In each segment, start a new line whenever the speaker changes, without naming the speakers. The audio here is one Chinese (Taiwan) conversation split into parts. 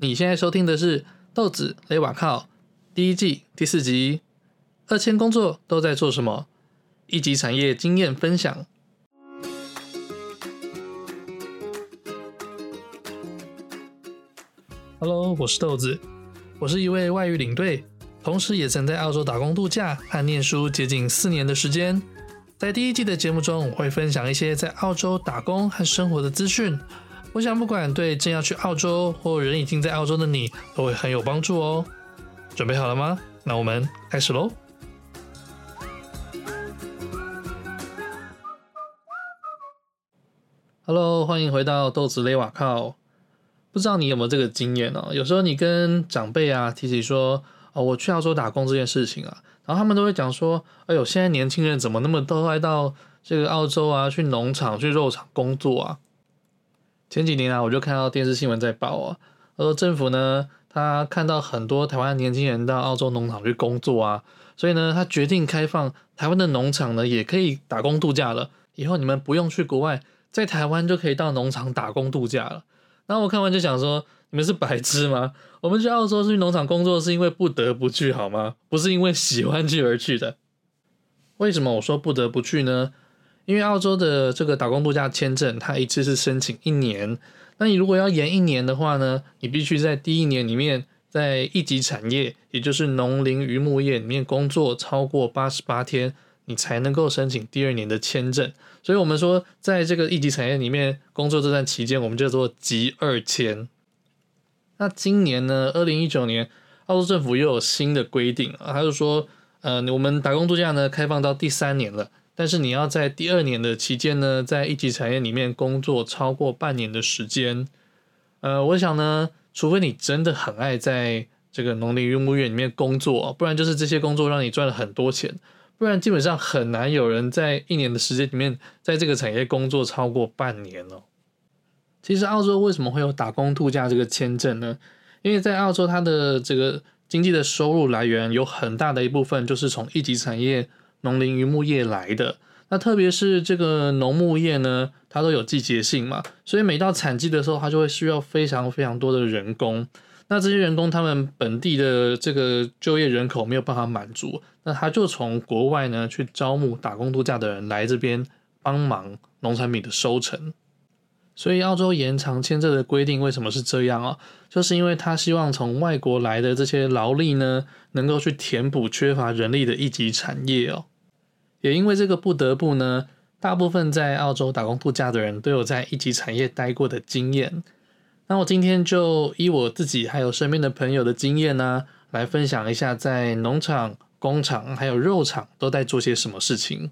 你現在收聽的是《豆子勒瓦靠》第一季第四集。二簽工作都在做什麼？一級產業經驗分享。Hello，我是豆子，我是一位外語領隊，同時也曾在澳洲打工、度假和念書接近四年的時間。在第一季的節目中，我會分享一些在澳洲打工和生活的資訊。我想，不管對正要去澳洲或人已經在澳洲的你，都會很有幫助哦、喔。準備好了嗎？那我們開始嘍。Hello，歡迎回到豆子雷瓦靠豆子勒瓦靠。不知道你有沒有這個經驗哦、喔？有時候你跟長輩啊提起說、喔，我去澳洲打工這件事情啊，然後他們都會講說，哎呦，現在年輕人怎麼那麼都愛到這個澳洲啊，去農場、去肉廠工作啊。前幾年啊，我就看到電視新聞在報啊，他說政府呢，他看到很多台灣年輕人到澳洲農場去工作啊，所以呢，他決定開放台灣的農場呢，也可以打工度假了。以後你們不用去國外，在台灣就可以到農場打工度假了。然後我看完就想說，你們是白痴嗎？我們去澳洲是去農場工作，是因為不得不去好嗎？不是因為喜歡去而去的。為什麼我說不得不去呢？因為澳洲的這個打工度假簽證，它一次是申請一年，那你如果要延一年的話呢，你必須在第一年裡面在一級產業，也就是農林漁牧業裡面工作超過八十八天，你才能夠申請第二年的簽證。所以，我們說在這個一級產業裡面工作這段期間，我們叫做“集二簽”。那今年呢，二零一九年，澳洲政府又有新的規定，他就說，呃，我們打工度假呢開放到第三年了。但是你要在第二年的期間呢，在一級產業裡面工作超過半年的時間，呃，我想呢，除非你真的很愛在這個農林牧業裡面工作，不然就是這些工作讓你賺了很多錢，不然基本上很難有人在一年的時間裡面在這個產業工作超過半年了喔。其實澳洲為什麼會有打工度假這個簽證呢？因為在澳洲它的這個經濟的收入來源有很大的一部分就是從一級產業。農林漁牧業來的那，特別是這個農牧業呢，它都有季節性嘛，所以每到產季的時候，它就會需要非常非常多的人工。那這些人工，他們本地的這個就業人口沒有辦法滿足，那他就從國外呢去招募打工度假的人來這邊幫忙農產品的收成。所以澳洲延長簽證的規定為什麼是這樣哦，就是因為他希望從外國來的這些勞力呢，能夠去填補缺乏人力的一級產業哦。也因為這個不得不呢，大部分在澳洲打工度假的人都有在一級產業待過的經驗。那我今天就依我自己還有身邊的朋友的經驗呢、啊，來分享一下在農場、工廠還有肉廠都在做些什麼事情。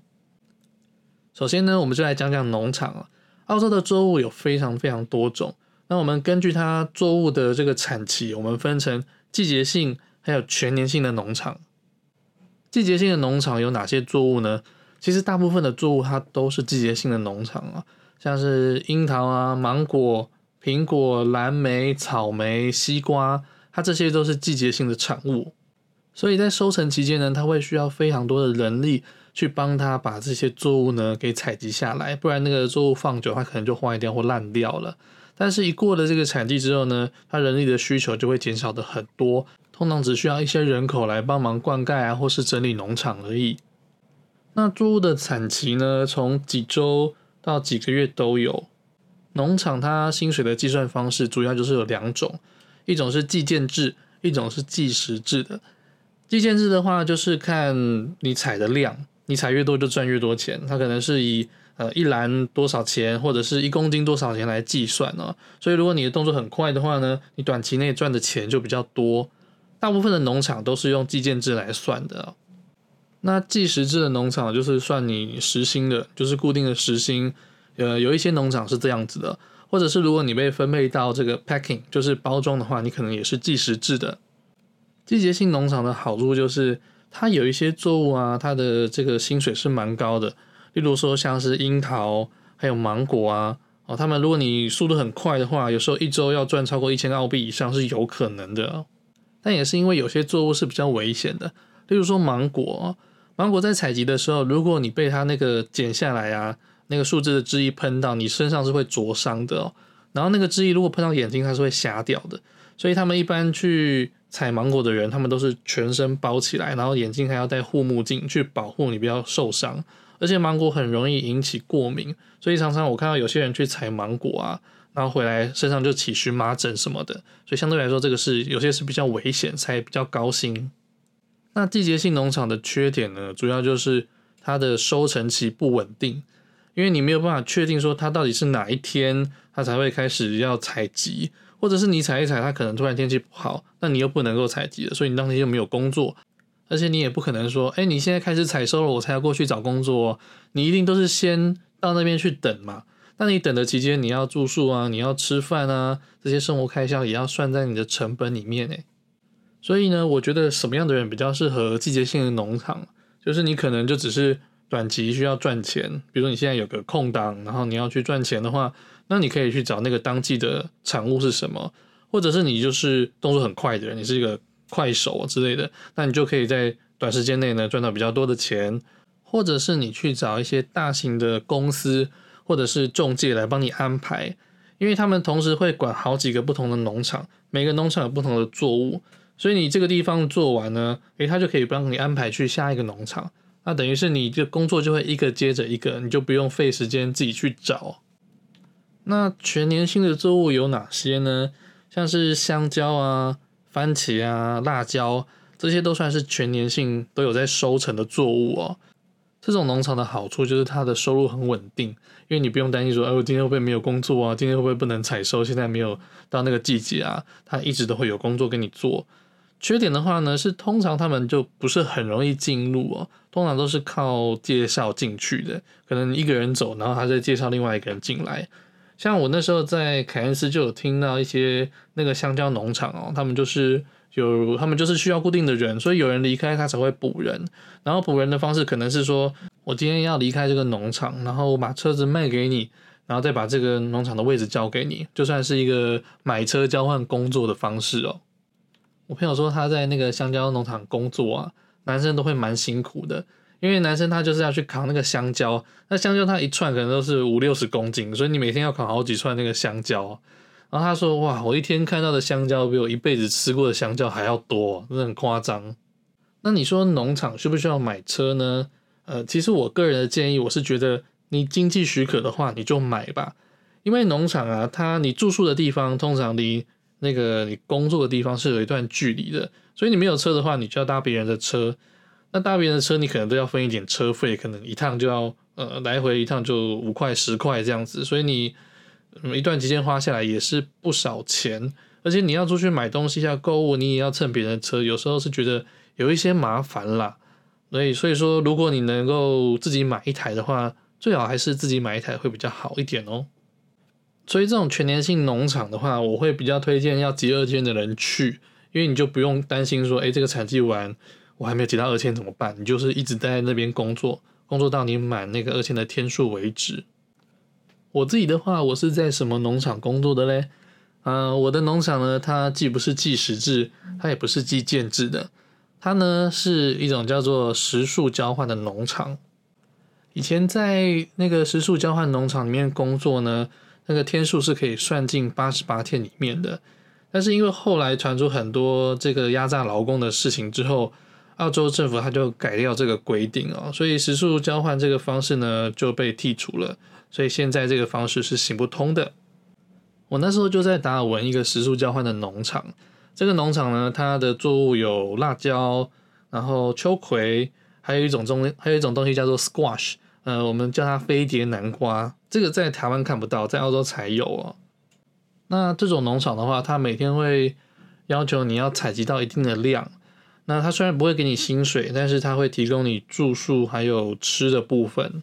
首先呢，我們就來講講農場啊。澳洲的作物有非常非常多種，那我們根據它作物的這個產期，我們分成季節性還有全年性的農場。季節性的農場有哪些作物呢？其實大部分的作物它都是季節性的農場啊，像是櫻桃啊、芒果、蘋果、藍莓、草莓、西瓜，它這些都是季節性的產物。所以在收成期間呢，它會需要非常多的人力去幫它把這些作物呢給採集下來，不然那個作物放久，它可能就壞掉或爛掉了。但是，一過了這個產季之後呢，它人力的需求就會減少的很多。通常只需要一些人口來幫忙灌溉啊，或是整理農場而已。那作物的產期呢，從幾周到幾個月都有。農場它薪水的計算方式主要就是有兩種，一種是計件制，一種是計時制的。計件制的話，就是看你採的量，你採越多就賺越多錢。它可能是以呃一籃多少錢，或者是一公斤多少錢來計算哦啊，所以如果你的動作很快的話呢，你短期內賺的錢就比較多。大部分的農場都是用計件制來算的，那計時制的農場就是算你時薪的，就是固定的時薪。呃，有一些農場是這樣子的，或者是如果你被分配到這個 packing，就是包裝的話，你可能也是計時制的。季節性農場的好處就是，它有一些作物啊，它的這個薪水是蠻高的，例如說像是櫻桃，還有芒果啊，哦，他們如果你速度很快的話，有時候一周要賺超過一千澳幣以上是有可能的。但也是因為有些作物是比較危險的，例如說芒果。芒果在採集的時候，如果你被它那個剪下來啊，那個樹枝的汁液噴到你身上是會灼傷的哦。然後那個汁液如果噴到眼睛，它是會瞎掉的。所以他們一般去採芒果的人，他們都是全身包起來，然後眼睛還要戴護目鏡去保護你不要受傷。而且芒果很容易引起過敏，所以常常我看到有些人去採芒果啊。然後回來身上就起蕁麻疹什麼的，所以相對來說，這個是有些是比較危險，才比較高薪。那季節性農場的缺點呢，主要就是它的收成期不穩定，因為你沒有辦法確定說它到底是哪一天它才會開始要採集，或者是你採一採，它可能突然天氣不好，那你又不能夠採集了，所以你當天就沒有工作，而且你也不可能說，哎，你現在開始採收了，我才要過去找工作哦，你一定都是先到那邊去等嘛。那你等的期間，你要住宿啊，你要吃飯啊，這些生活開銷也要算在你的成本裡面呢。所以呢，我覺得什麼樣的人比較適合季節性的農場？就是你可能就只是短期需要賺錢，比如說你現在有個空檔，然後你要去賺錢的話，那你可以去找那個當季的產物是什麼，或者是你就是動作很快的人，你是一個快手之類的，那你就可以在短時間內呢賺到比較多的錢，或者是你去找一些大型的公司。或者是仲介來幫你安排，因為他們同時會管好幾個不同的農場，每個農場有不同的作物，所以你這個地方做完呢，哎，他就可以幫你安排去下一個農場，那等於是你這工作就會一個接着一個，你就不用費時間自己去找。那全年性的作物有哪些呢？像是香蕉啊、番茄啊、辣椒，這些都算是全年性都有在收成的作物哦。這種農場的好處就是它的收入很穩定，因為你不用擔心說，哎，我今天會不會沒有工作啊？今天會不會不能採收？現在沒有到那個季節啊？它一直都會有工作給你做。缺點的話呢，是通常他們就不是很容易進入哦，通常都是靠介紹進去的，可能一個人走，然後他再介紹另外一個人進來。像我那時候在凱恩斯就有聽到一些那個香蕉農場哦，他們就是。就他們就是需要固定的人，所以有人離開他才會補人。然後補人的方式可能是說，我今天要離開這個農場，然後我把車子賣給你，然後再把這個農場的位置交給你，就算是一個買車交換工作的方式哦。我朋友說他在那個香蕉農場工作啊，男生都會蠻辛苦的，因為男生他就是要去扛那個香蕉，那香蕉他一串可能都是五六十公斤，所以你每天要扛好幾串那個香蕉。然後他說：“哇，我一天看到的香蕉比我一輩子吃過的香蕉還要多，真的很誇張。”那你說農場需不需要買車呢？呃，其實我個人的建議，我是覺得你經濟許可的話，你就買吧。因為農場啊，它你住宿的地方通常離那個你工作的地方是有一段距離的，所以你沒有車的話，你就要搭別人的車。那搭別人的車，你可能都要分一點車費，可能一趟就要呃來回一趟就五塊十塊這樣子，所以你。嗯、一段期間花下來也是不少錢，而且你要出去買東西要、啊、購物，你也要蹭別人車，有時候是覺得有一些麻煩啦。所以，所以說如果你能夠自己買一台的話，最好還是自己買一台會比較好一點哦、喔。所以，這種全年性農場的話，我會比較推薦要集二簽的人去，因為你就不用擔心說，哎、欸，這個產季完我還沒有集到二簽怎麼辦？你就是一直待在那邊工作，工作到你滿那個二簽的天數為止。我自己的話，我是在什麼農場工作的嘞？啊、呃，我的農場呢，它既不是計時制，它也不是計件制的，它呢是一種叫做時數交換的農場。以前在那個時數交換農場裡面工作呢，那個天數是可以算進八十八天裡面的。但是因為後來傳出很多這個壓榨勞工的事情之後，澳洲政府它就改掉這個規定啊、哦，所以時數交換這個方式呢就被剔除了。所以現在這個方式是行不通的。我那時候就在達爾文一個食宿交換的農場，這個農場呢，它的作物有辣椒，然後秋葵，還有一種東還有一種東西叫做 squash，呃，我們叫它飛碟南瓜。這個在台灣看不到，在澳洲才有哦。那這種農場的話，它每天會要求你要採集到一定的量。那它雖然不會給你薪水，但是它會提供你住宿還有吃的部分。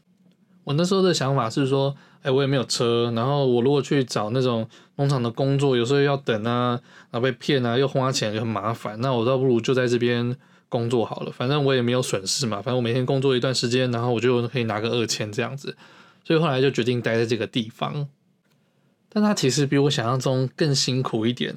我那時候的想法是說，哎、欸，我也沒有車，然後我如果去找那種農場的工作，有時候要等啊，然後被騙啊，又花錢就很麻煩，那我倒不如就在這邊工作好了，反正我也沒有損失嘛，反正我每天工作一段時間，然後我就可以拿個二千這樣子，所以後來就決定待在這個地方。但它其實比我想象中更辛苦一點，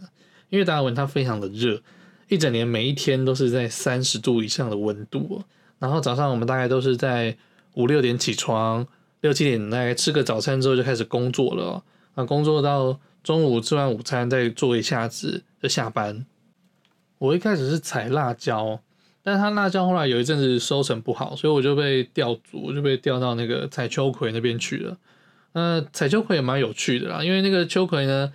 因為達爾文它非常的熱，一整年每一天都是在三十度以上的溫度、喔，然後早上我們大概都是在五六點起床。六七點來吃個早餐之後就開始工作了、喔、啊，工作到中午吃完午餐再做一下子就下班。我一開始是採辣椒，但是它辣椒後來有一陣子收成不好，所以我就被調組，我就被調到那個採秋葵那邊去了。那、呃、採秋葵也蠻有趣的啦，因為那個秋葵呢，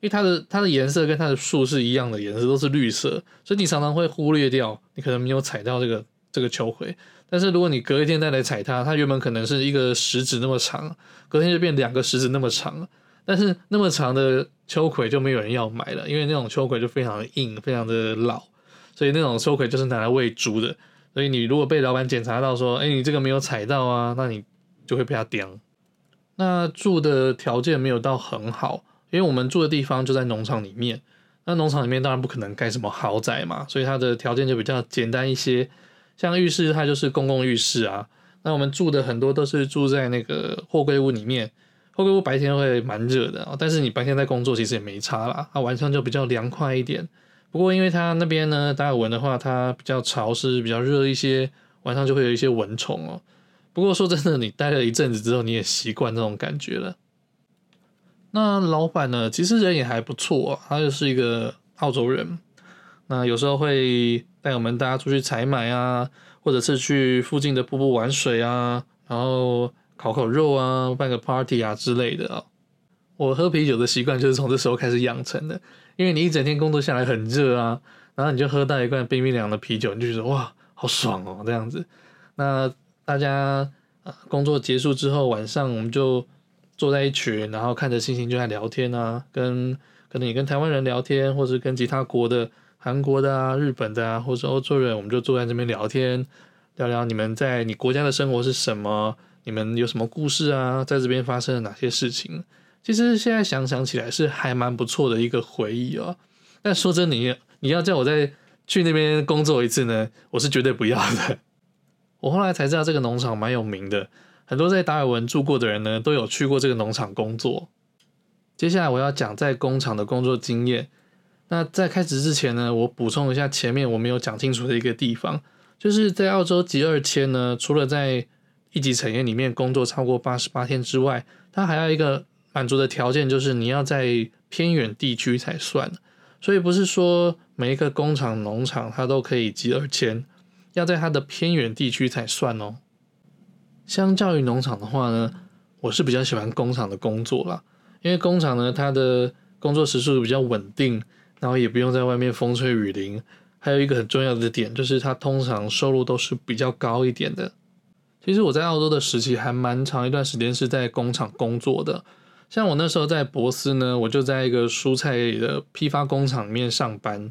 因為它的它的顏色跟它的樹是一樣的顏色，都是綠色，所以你常常會忽略掉，你可能沒有採到這個這個秋葵。但是如果你隔一天再來採它，它原本可能是一個食指那麼長，隔天就變兩個食指那麼長了。但是那麼長的秋葵就沒有人要買了，因為那種秋葵就非常的硬，非常的老，所以那種秋葵就是拿來餵豬的。所以你如果被老板檢查到說，哎、欸，你這個沒有採到啊，那你就會被他叼。那住的條件沒有到很好，因為我們住的地方就在農場裡面，那農場裡面當然不可能蓋什麼豪宅嘛，所以它的條件就比較簡單一些。像浴室它就是公共浴室啊，那我們住的很多都是住在那個貨櫃屋裡面，貨櫃屋白天會蠻熱的哦，但是你白天在工作其實也沒差啦，啊晚上就比較涼快一點。不過因為它那邊呢，達爾文的話它比較潮濕、比較熱一些，晚上就會有一些蚊蟲哦。不過說真的，你待了一陣子之後，你也習慣這種感覺了。那老板呢，其實人也還不錯哦，他就是一個澳洲人。那有時候會帶我們大家出去採買啊，或者是去附近的瀑布玩水啊，然後烤烤肉啊，辦個 party 啊之類的哦。我喝啤酒的習慣就是從這時候開始養成的，因為你一整天工作下來很熱啊，然後你就喝到一罐冰冰涼涼的啤酒，你就覺得哇，好爽哦，這樣子。那大家工作結束之後，晚上我們就坐在一起，然後看着星星就在聊天啊，跟可能你跟台灣人聊天，或者是跟其他國的。韓國的啊，日本的啊，或者歐洲人，我們就坐在這邊聊天，聊聊你們在你國家的生活是什麼，你們有什麼故事啊，在這邊發生了哪些事情？其實現在想想起來是還蠻不錯的一個回憶哦、喔。但說真的，你你要叫我再去那邊工作一次呢，我是絕對不要的。我後來才知道這個農場蠻有名的，很多在達爾文住過的人呢，都有去過這個農場工作。接下來我要講在工廠的工作經驗。那在開始之前呢，我補充一下前面我沒有講清楚的一個地方，就是在澳洲集二簽呢，除了在一級產業裡面工作超過八十八天之外，它還有一個滿足的條件，就是你要在偏遠地區才算。所以不是說每一個工廠、農場它都可以集二簽，要在它的偏遠地區才算哦。相較於農場的話呢，我是比較喜歡工廠的工作啦，因為工廠呢，它的工作時數比較穩定。然後也不用在外面風吹雨淋，還有一個很重要的點，就是他通常收入都是比較高一點的。其實我在澳洲的時期還蠻長一段時間是在工廠工作的，像我那時候在博斯呢，我就在一個蔬菜的批發工廠裡面上班，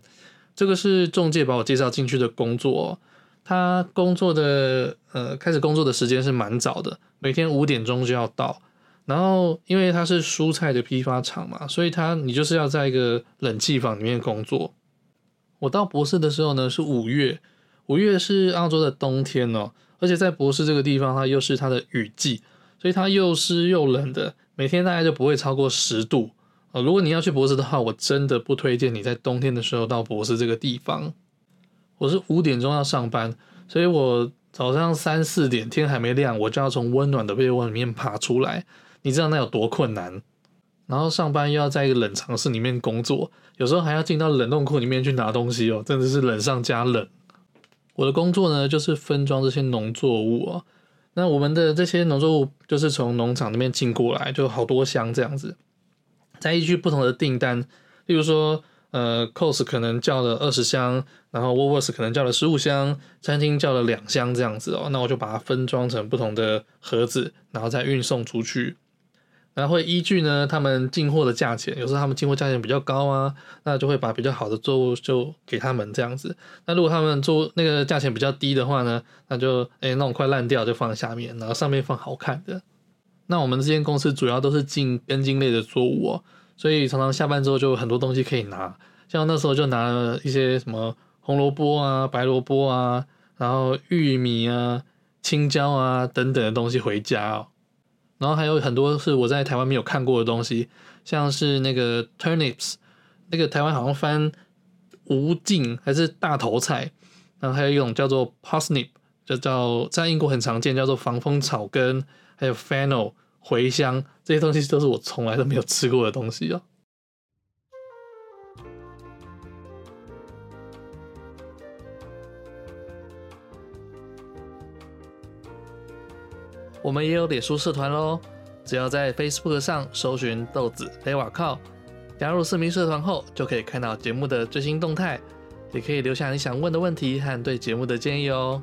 這個是中介把我介紹進去的工作。他工作的，呃，開始工作的時間是蠻早的，每天五點鐘就要到。然後，因為它是蔬菜的批發廠嘛，所以它你就是要在一個冷氣房裡面工作。我到博士的時候呢，是五月，五月是澳洲的冬天哦，而且在博士這個地方，它又是它的雨季，所以它又濕又冷的，每天大概就不會超過十度。如果你要去博士的話，我真的不推薦你在冬天的時候到博士這個地方。我是五點鐘要上班，所以我早上三四點天還沒亮，我就要從溫暖的被窩裡面爬出來。你知道那有多困難，然後上班又要在一個冷藏室裡面工作，有時候還要進到冷凍庫裡面去拿東西哦，真的是冷上加冷。我的工作呢，就是分裝這些農作物哦。那我們的這些農作物就是從農場那邊進過來，就好多箱這樣子。再依據不同的訂單，例如說，呃，Coles 可能叫了二十箱，然後 Woolworths 可能叫了十五箱，餐廳叫了兩箱這樣子哦。那我就把它分裝成不同的盒子，然後再運送出去。然後會依據呢，他們進貨的價錢，有時候他們進貨價錢比較高啊，那就會把比較好的作物就給他們這樣子。那如果他們做那個價錢比較低的話呢，那就，哎，那種快爛掉就放在下面，然後上面放好看的。那我們這間公司主要都是進根莖類的作物哦，所以常常下班之後就很多東西可以拿，像那時候就拿了一些什麼紅蘿蔔啊、白蘿蔔啊，然後玉米啊、青椒啊等等的東西回家哦。然後還有很多是我在台灣沒有看過的東西，像是那個 turnips，那個台灣好像翻蕪菁還是大頭菜，然後還有一種叫做 parsnip，就叫在英國很常見，叫做防風草根，還有 fennel 茴香，這些東西都是我從來都沒有吃過的東西哦、啊。我們也有臉書社團嘍，只要在 Facebook 上搜尋“豆子勒瓦靠”，加入四民社團後，就可以看到節目的最新動態，也可以留下你想問的問題和對節目的建議哦。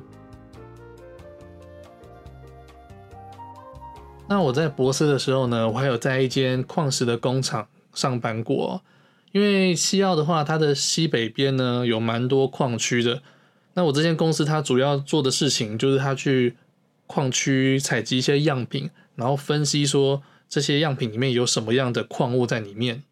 那我在博斯的時候呢，我還有在一間礦石的工廠上班過，因為西澳的話，它的西北邊呢有蠻多礦區的。那我這間公司，它主要做的事情就是它去。礦區採集一些樣品，然後分析說這些樣品裡面有什麼樣的礦物在裡面。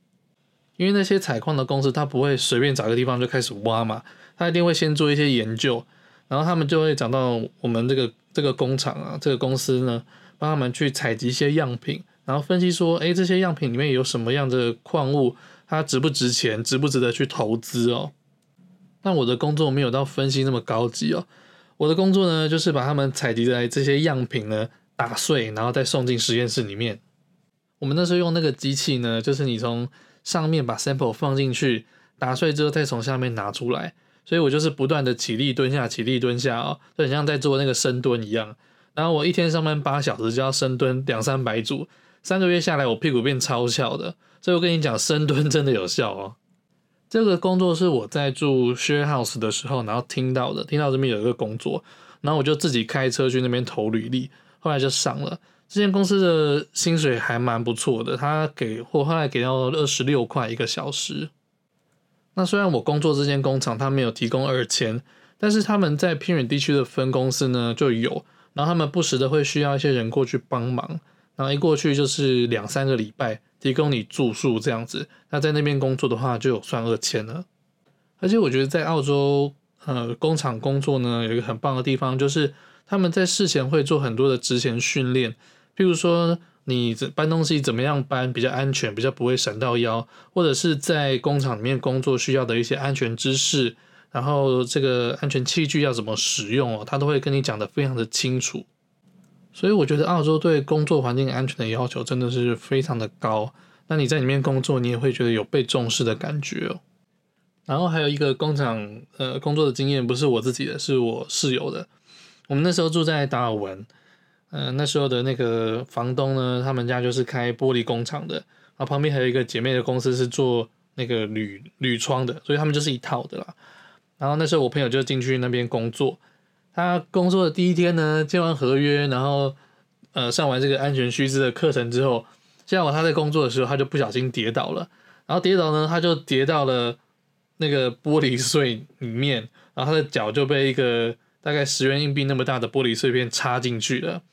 因為那些採礦的公司，他不會隨便找個地方就開始挖嘛，他一定會先做一些研究，然後他們就會找到我們這個這個工廠啊，這個公司呢，幫他們去採集一些樣品，然後分析說，哎、欸，這些樣品裡面有什麼樣的礦物，它值不值錢，值不值得去投資哦。那我的工作沒有到分析那麼高級哦。我的工作呢，就是把他們採集在這些樣品呢打碎，然後再送進實驗室裡面。我們那時候用那個機器呢，就是你從上面把 sample 放進去，打碎之後再從下面拿出來。所以我就是不斷的起立蹲下，起立蹲下哦，就很像在做那個深蹲一樣。然後我一天上班八小時，就要深蹲兩三百組，三個月下來，我屁股變超翹的。所以我跟你講，深蹲真的有效哦。這個工作是我在住 share house 的時候，然後聽到的，聽到這邊有一個工作，然後我就自己開車去那邊投履歷，後來就上了。這間公司的薪水還蠻不錯的，他給我後來給到二十六塊一個小時。那雖然我工作這間工廠他沒有提供二簽，但是他們在偏遠地區的分公司呢就有，然後他們不時的會需要一些人過去幫忙，然後一過去就是兩三個禮拜。提供你住宿這樣子，那在那邊工作的話就有算二簽了。而且我覺得在澳洲呃工廠工作呢，有一個很棒的地方，就是他們在事前會做很多的職前訓練，譬如說你搬東西怎麼樣搬比較安全，比較不會閃到腰，或者是在工廠裡面工作需要的一些安全知識，然後這個安全器具要怎麼使用哦，他都會跟你講的非常的清楚。所以我覺得澳洲對工作環境安全的要求真的是非常的高。那你在裡面工作，你也會覺得有被重視的感覺哦。然後還有一個工廠呃工作的經驗，不是我自己的，是我室友的。我們那時候住在達爾文，嗯、呃，那時候的那個房東呢，他們家就是開玻璃工廠的，然後旁邊還有一個姐妹的公司是做那個鋁鋁窗的，所以他們就是一套的啦。然後那時候我朋友就進去那邊工作。他工作的第一天呢，簽完合約，然後呃上完這個安全須知的課程之後，下午他在工作的時候，他就不小心跌倒了，然後跌倒呢，他就跌到了那個玻璃碎裡面，然後他的腳就被一個大概十元硬幣那麼大的玻璃碎片插進去了，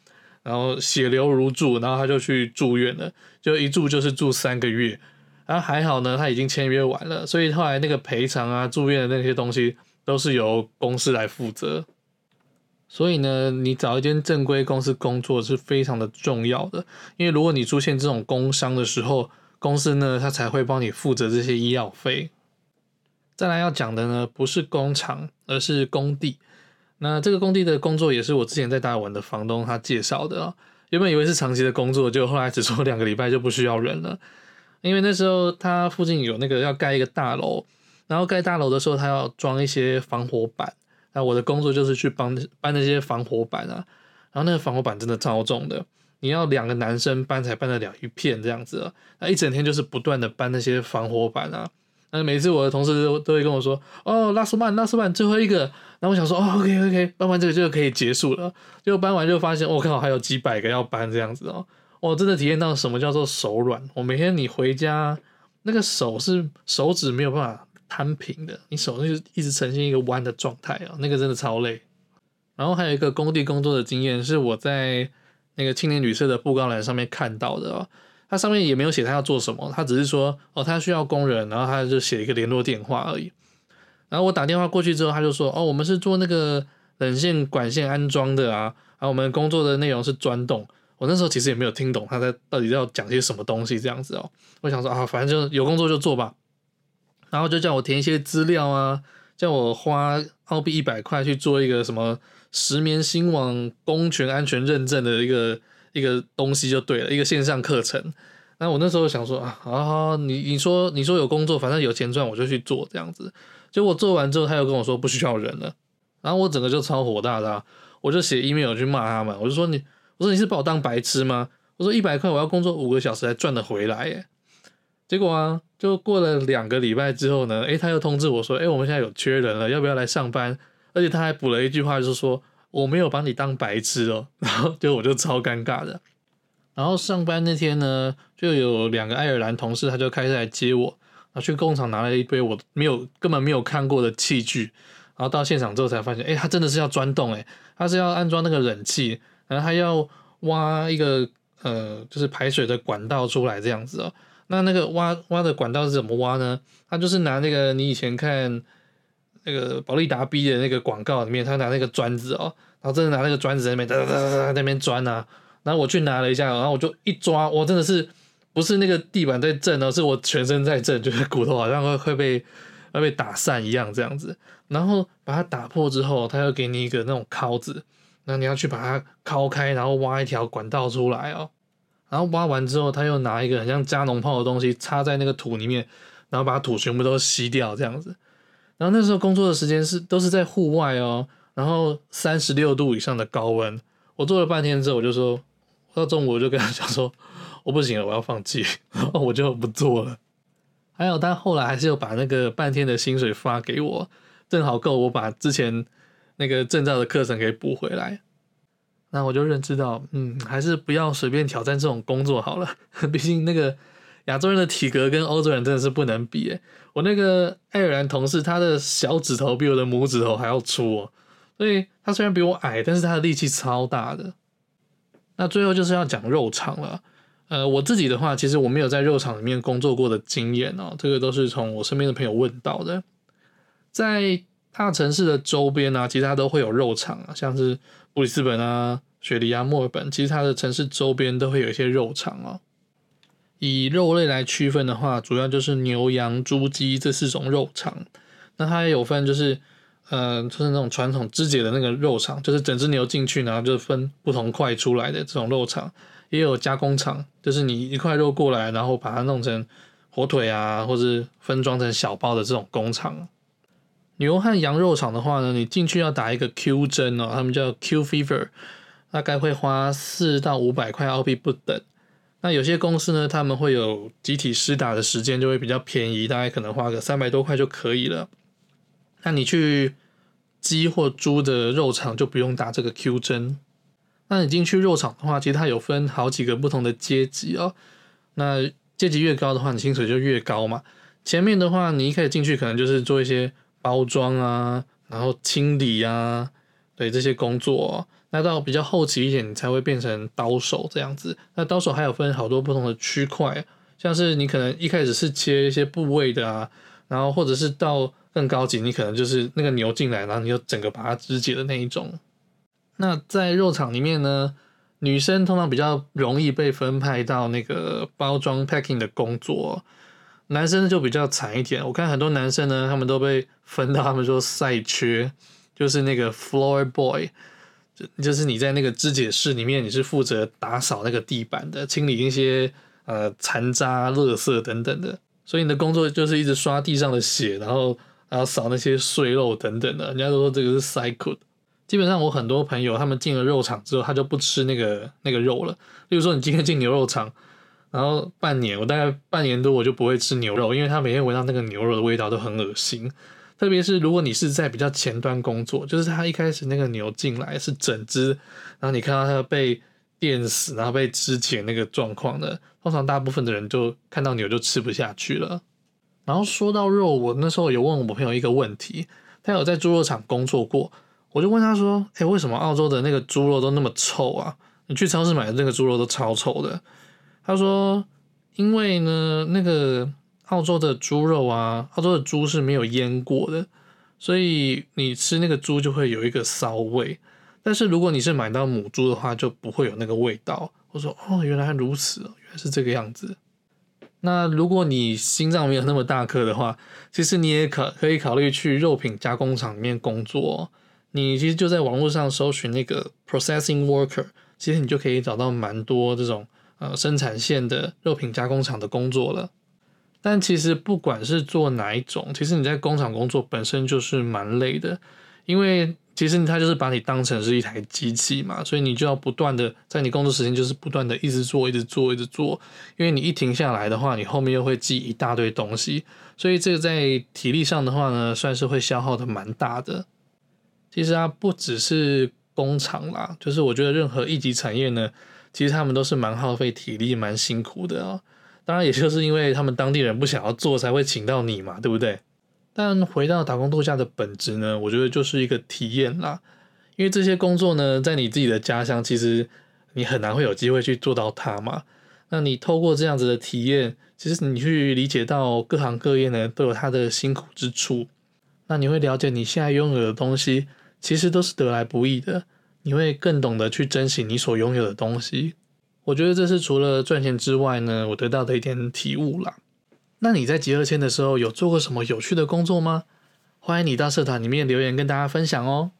然後血流如注，然後他就去住院了，就一住就是住三個月，然後還好呢，他已經簽約完了，所以後來那個賠償啊，住院的那些東西都是由公司來負責。所以呢，你找一間正規公司工作是非常的重要的，因為如果你出現這種工傷的時候，公司呢，他才會幫你負責這些醫藥費。再來要講的呢，不是工廠，而是工地。那這個工地的工作也是我之前在臺灣的房東他介紹的，啊，原本以為是長期的工作，就後來只做兩個禮拜就不需要人了，因為那時候他附近有那個要蓋一個大樓，然後蓋大樓的時候他要裝一些防火板。啊，我的工作就是去搬搬那些防火板啊，然後那個防火板真的超重的，你要兩個男生搬才搬得了一片這樣子，啊，那一整天就是不斷的搬那些防火板啊，那每次我的同事都都會跟我說，哦 last one，last one，最後一個，然後我想說，哦、oh,，OK，OK，okay, okay, 搬完這個就可以結束了，結果搬完就發現，我、哦、靠，看還有幾百個要搬這樣子哦，我、哦、真的體驗到什麼叫做手軟，我每天你回家那個手是手指沒有辦法。攤平的，你手上就一直呈現一個彎的狀態啊，那個真的超累。然後還有一個工地工作的經驗是我在那個青年旅社的布告欄上面看到的、喔，它上面也沒有寫他要做什麼，他只是說哦他、喔、需要工人，然後他就寫一個聯絡電話而已。然後我打電話過去之後，他就說哦、喔、我們是做那個冷線管線安裝的啊，然、啊、後我們工作的內容是鑽洞。我那時候其實也沒有聽懂他在到底要講些什麼東西這樣子哦、喔，我想說啊反正就有工作就做吧。然後就叫我填一些資料啊，叫我花澳幣一百塊去做一個什麼十年新網公權安全認證的一個一個東西就對了，一個線上課程。那我那時候想說啊，好好好，你你說你說有工作，反正有錢賺，我就去做這樣子。結果做完之後，他又跟我說不需要人了，然後我整個就超火大的，我就寫 email 去罵他們，我就說你，我說你是把我當白痴嗎？我說一百塊我要工作五個小時才賺得回來耶、欸。結果啊，就過了兩個禮拜之後呢，誒，他又通知我說，誒我們現在有缺人了，要不要來上班？而且他還補了一句話，就是說我沒有把你當白痴哦。然後就我就超尷尬的。然後上班那天呢，就有兩個愛爾蘭同事，他就開車來接我，然後去工廠拿了一堆我沒有根本沒有看過的器具。然後到現場之後才發現，誒他真的是要鑽洞，欸，誒他是要安裝那個冷氣，然後他要挖一個呃，就是排水的管道出來這樣子哦。那那個挖挖的管道是怎麼挖呢？他就是拿那個你以前看那個保利達 B 的那個廣告裡面，他拿那個磚子哦、喔，然後真的拿那個磚子在那邊噠噠噠在那邊鑽吶。然後我去拿了一下，然後我就一抓，我真的是不是那個地板在震，喔，而是我全身在震，就是骨頭好像會會被會被打散一樣這樣子。然後把它打破之後，他又給你一個那種敲子，那你要去把它敲開，然後挖一條管道出來哦、喔。然後挖完之後，他又拿一個很像加農炮的東西插在那個土裡面，然後把土全部都吸掉這樣子。然後那時候工作的時間是都是在戶外哦，然後三十六度以上的高溫。我做了半天之後，我就說，我到中午我就跟他講說，我不行了，我要放棄，我就不做了。還有，但後來還是有把那個半天的薪水發給我，正好夠我把之前那個證照的課程給補回來。那我就認知到，嗯，還是不要隨便挑戰這種工作好了。畢 竟那個亞洲人的體格跟歐洲人真的是不能比耶。我那個愛爾蘭同事，他的小指頭比我的拇指頭還要粗哦、喔。所以他雖然比我矮，但是他的力氣超大的。那最後就是要講肉廠了。呃，我自己的話，其實我沒有在肉廠裡面工作過的經驗哦、喔。這個都是從我身邊的朋友問到的。在大城市的周邊啊，其實它都會有肉廠啊，像是。布里斯本啊，雪梨啊，墨爾本，其他的城市周邊都會有一些肉廠哦、啊。以肉類來區分的話，主要就是牛、羊、豬、雞這四種肉廠。那它也有分，就是呃，就是那種傳統肢解的那個肉廠，就是整隻牛進去，然後就分不同塊出來的這種肉廠。也有加工廠，就是你一塊肉過來，然後把它弄成火腿啊，或者分裝成小包的這種工廠。牛和羊肉廠的話呢，你進去要打一個 Q 針哦、喔，他們叫 Q fever，大概會花四到五百塊澳 P 不等。那有些公司呢，他們會有集體施打的時間，就會比較便宜，大概可能花個三百多塊就可以了。那你去雞或豬的肉廠就不用打這個 Q 針。那你進去肉廠的話，其實它有分好幾個不同的階級哦、喔。那階級越高的話，你薪水就越高嘛。前面的話，你一開始進去可能就是做一些。包裝啊，然後清理啊，對這些工作，那到比較後期一點，你才會變成刀手這樣子。那刀手還有分好多不同的區塊，像是你可能一開始是切一些部位的啊，然後或者是到更高級，你可能就是那個牛進來，然後你就整個把它肢解的那一種。那在肉廠裡面呢，女生通常比較容易被分派到那個包裝 packing 的工作。男生就比較慘一點，我看很多男生呢，他們都被分到他們說賽缺，就是那個 floor boy，就就是你在那個肢解室裡面，你是負責打掃那個地板的，清理一些呃殘渣、垃圾等等的，所以你的工作就是一直刷地上的血，然後然後掃那些碎肉等等的。人家都說這個是賽苦。基本上我很多朋友他們進了肉廠之後，他就不吃那個那個肉了。例如說你今天進牛肉廠。然後半年，我大概半年多我就不會吃牛肉，因為他每天聞到那個牛肉的味道都很惡心。特別是如果你是在比較前端工作，就是他一開始那個牛進來是整隻，然後你看到它被電死，然後被肢解那個狀況的，通常大部分的人就看到牛就吃不下去了。然後說到肉，我那時候有問我朋友一個問題，他有在豬肉廠工作過，我就問他說，誒，為什麼澳洲的那個豬肉都那麼臭啊？你去超市買的那個豬肉都超臭的。他說：“因為呢，那個澳洲的豬肉啊，澳洲的豬是沒有醃過的，所以你吃那個豬就會有一個騷味。但是如果你是買到母豬的話，就不會有那個味道。”我說：“哦，原來如此哦，原來是這個樣子。”那如果你心臟沒有那麼大顆的話，其實你也可可以考慮去肉品加工廠裡面工作哦。你其實就在網絡上搜尋那個 processing worker，其實你就可以找到蠻多這種。呃，生產線的肉品加工廠的工作了，但其實不管是做哪一種，其實你在工廠工作本身就是蠻累的，因為其實他就是把你當成是一台機器嘛，所以你就要不斷的在你工作時間就是不斷的一直做，一直做，一直做，因為你一停下來的話，你後面又會積一大堆東西，所以這個在體力上的話呢，算是會消耗的蠻大的。其實它不只是工廠啦,就是我覺得任何一級產業呢。其實他們都是蠻耗費體力、蠻辛苦的哦，當然，也就是因為他們當地人不想要做，才會請到你嘛，對不對？但回到打工度假的本質呢，我覺得就是一個體驗啦。因為這些工作呢，在你自己的家鄉，其實你很難會有機會去做到它嘛。那你透過這樣子的體驗，其實你去理解到各行各業呢，都有它的辛苦之處。那你會了解你現在擁有的東西，其實都是得來不易的。你會更懂得去珍惜你所擁有的東西，我覺得這是除了賺錢之外呢，我得到的一點體悟啦。那你在集二簽的時候有做過什麼有趣的工作嗎？歡迎你到社團裡面留言跟大家分享哦。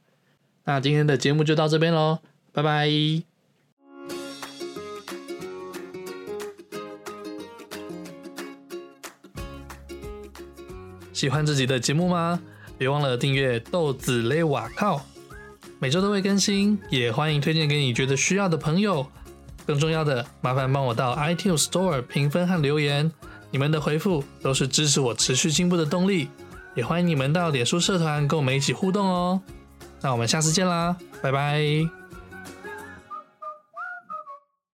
那今天的節目就到這邊嘍，拜拜。喜歡自己的節目嗎？別忘了訂閱豆子勒瓦靠。每週都會更新，也歡迎推薦給你覺得需要的朋友。更重要的，麻煩幫我到 iTunes Store 評分和留言，你們的回覆都是支持我持續進步的動力。也歡迎你們到臉書社團跟我們一起互動哦。那我們下次見啦，拜拜。